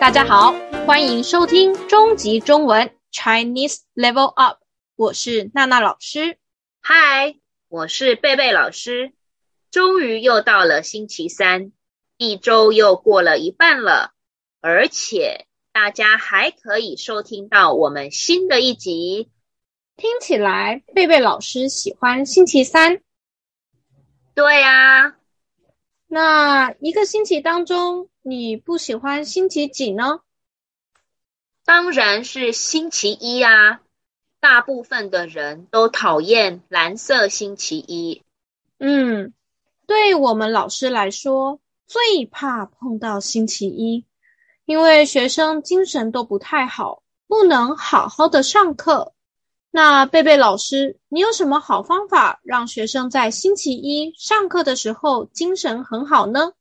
大家好，歡迎收聽中級中文 Chinese Level Up，我是娜娜老師。嗨，我是貝貝老師。終於又到了星期三，一周又過了一半了，而且大家還可以收聽到我們新的一集。聽起來貝貝老師喜歡星期三。對呀、啊，那一個星期當中。你不喜歡星期幾呢？當然是星期一啊！大部分的人都討厭藍色星期一。嗯，對我們老師來說，最怕碰到星期一，因為學生精神都不太好，不能好好的上課。那貝貝老師，你有什麼好方法讓學生在星期一上課的時候精神很好呢？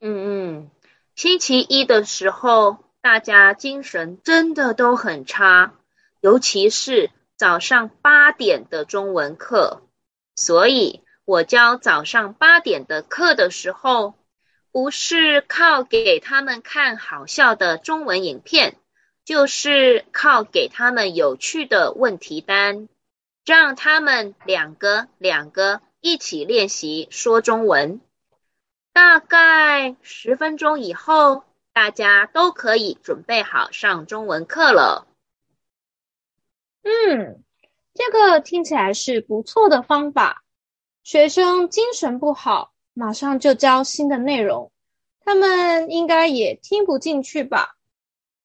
嗯嗯，星期一的時候，大家精神真的都很差，尤其是早上八點的中文課。所以我教早上八點的課的時候，不是靠給他們看好笑的中文影片，就是靠給他們有趣的問題單，讓他們兩個兩個一起練習說中文。大概十分鐘以後，大家都可以準備好上中文課了。嗯，這個聽起來是不錯的方法。學生精神不好，馬上就教新的內容，他們應該也聽不進去吧。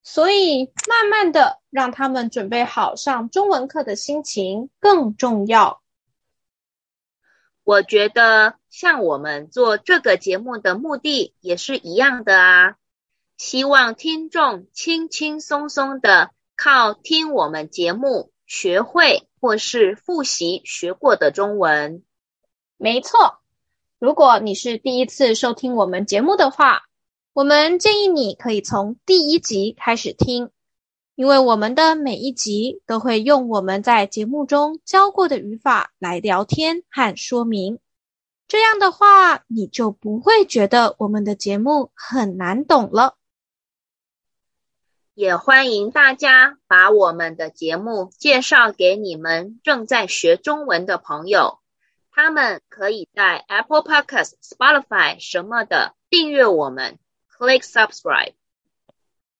所以，慢慢的讓他們準備好上中文課的心情更重要。我覺得像我們做這個節目的目的也是一樣的啊，希望聽眾輕輕鬆鬆的靠聽我們節目學會或是複習學過的中文。沒錯，如果你是第一次收聽我們節目的話，我們建議你可以從第一集開始聽。因為我們的每一集都會用我們在節目中教過的語法來聊天和說明，這樣的話你就不會覺得我們的節目很難懂了。也歡迎大家把我們的節目介紹給你們正在學中文的朋友，他們可以在 Apple Podcast、Spotify 什麼的訂閱我們，click subscribe。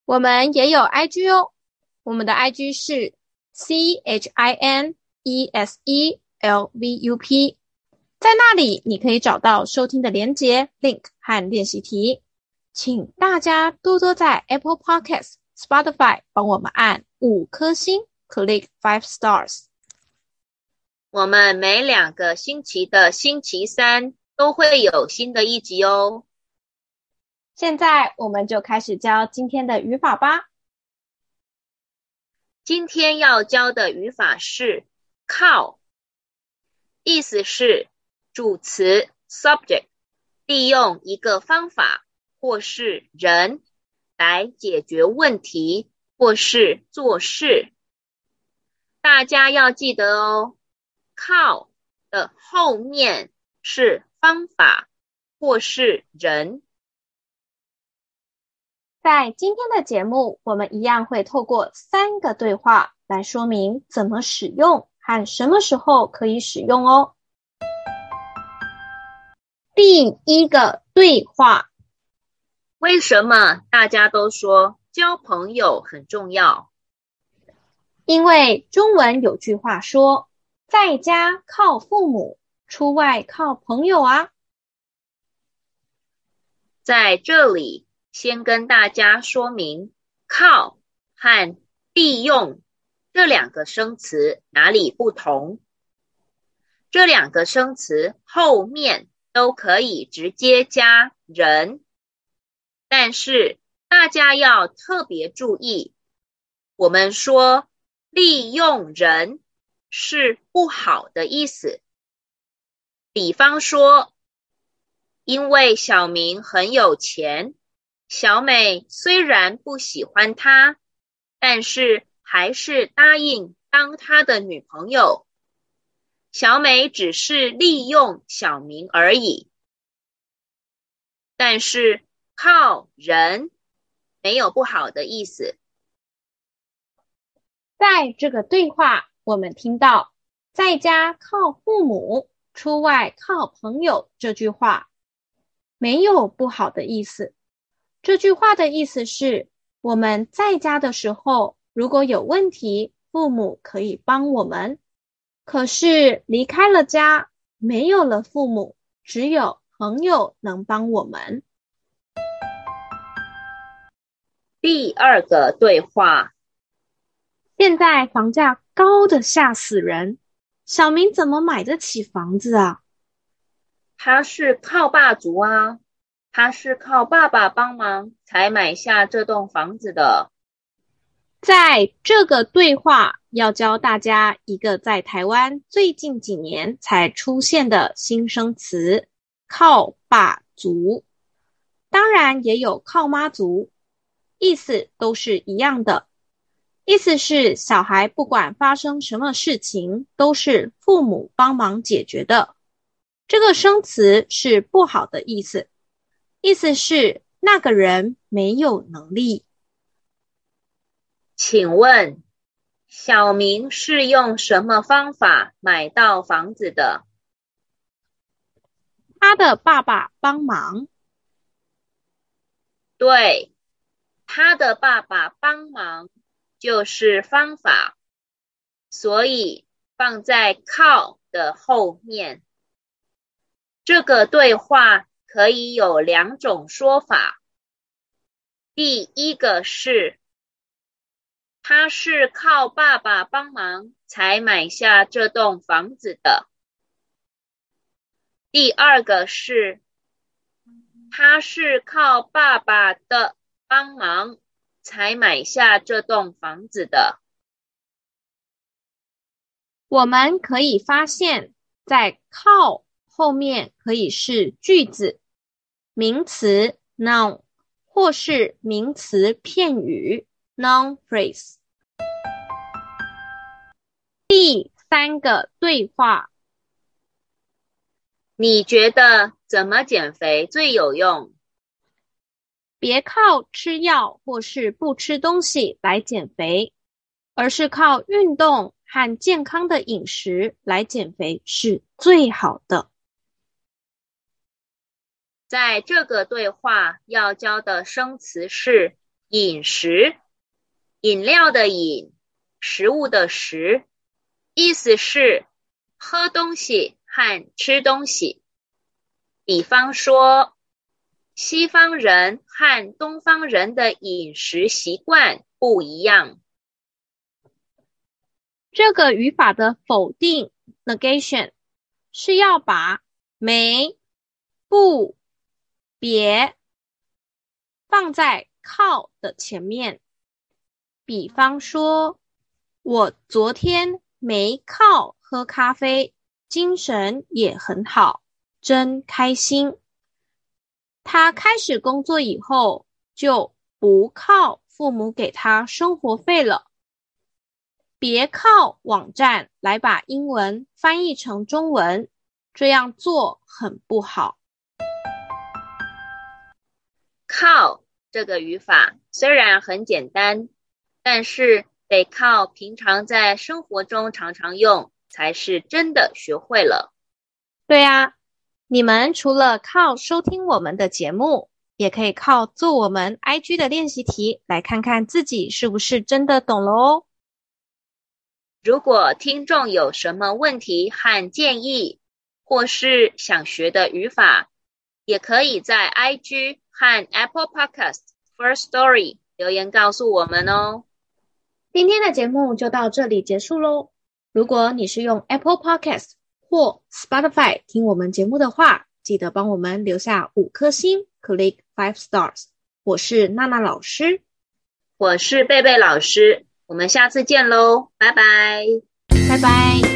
我們也有 IG 哦。我們的 IG 是 ChineseLVUP，在那裡你可以找到收聽的連接 link 和練習題，請大家多多在 Apple Podcasts Spotify 幫我們按五顆星，click five stars。我們每兩個星期的星期三都會有新的一集哦。現在我們就開始教今天的語法吧。今天要教的語法是靠，意思是主詞，subject，利用一個方法或是人來解決問題或是做事。大家要記得哦，靠的後面是方法或是人。在今天的節目，我們一樣會透過三個對話來說明怎麼使用和什麼時候可以使用哦。第一個對話，為什麼大家都說交朋友很重要？因為中文有句話說：“在家靠父母，出外靠朋友啊。”在這裡。先跟大家說明“靠”和“利用”這兩個生詞哪裡不同？這兩個生詞後面都可以直接加人，但是大家要特別注意，我們說“利用人”是不好的意思。比方說，因為小明很有錢。小美雖然不喜歡他，但是還是答應當他的女朋友。小美只是利用小明而已，但是靠人沒有不好的意思。在這個對話，我們聽到“在家靠父母，出外靠朋友”這句話，沒有不好的意思。這句話的意思是：我們在家的時候，如果有問題，父母可以幫我們；可是離開了家，沒有了父母，只有朋友能幫我們。第二個對話：現在房價高的嚇死人，小明怎麼買得起房子啊？他是靠爸族啊。他是靠爸爸幫忙才買下這棟房子的。在這個對話要教大家一個在台灣最近幾年才出現的新生詞“靠爸族”，當然也有“靠媽族”，意思都是一樣的。意思是小孩不管發生什麼事情，都是父母幫忙解決的。這個生詞是不好的意思。意思是那個人沒有能力。請問，小明是用什麼方法買到房子的？他的爸爸幫忙。對，他的爸爸幫忙就是方法，所以放在靠的後面。這個對話。可以有兩種說法。第一個是，他是靠爸爸幫忙才買下這棟房子的。第二個是，他是靠爸爸的幫忙才買下這棟房子的。我們可以發現，在靠後面可以是句子。名詞 noun，或是名詞片語 noun phrase。第三個對話，你覺得怎麼減肥最有用？別靠吃藥或是不吃東西來減肥，而是靠運動和健康的飲食來減肥是最好的。在這個對話要教的生詞是“飲食”“飲料”的“飲”“食物”的“食”，意思是喝東西和吃東西。比方說，西方人和東方人的飲食習慣不一樣。這個語法的否定 （negation） 是要把“沒”“不”。別放在靠的前面，比方說，我昨天沒靠喝咖啡，精神也很好，真開心。他開始工作以後就不靠父母給他生活費了。別靠網站來把英文翻譯成中文，這樣做很不好。靠這個語法雖然很簡單，但是得靠平常在生活中常常用才是真的學會了。對啊，你們除了靠收聽我們的節目，也可以靠做我們 IG 的練習題，來看看自己是不是真的懂了哦。如果聽眾有什麼問題和建議，或是想學的語法，也可以在 IG。和 Apple Podcast Firstory 留言告訴我們哦。今天的節目就到這裡結束嘍。如果你是用 Apple Podcast 或 Spotify 聽我們節目的話，記得幫我們留下五顆星，click five stars。我是娜娜老師，我是貝貝老師，我們下次見嘍，拜拜，拜拜。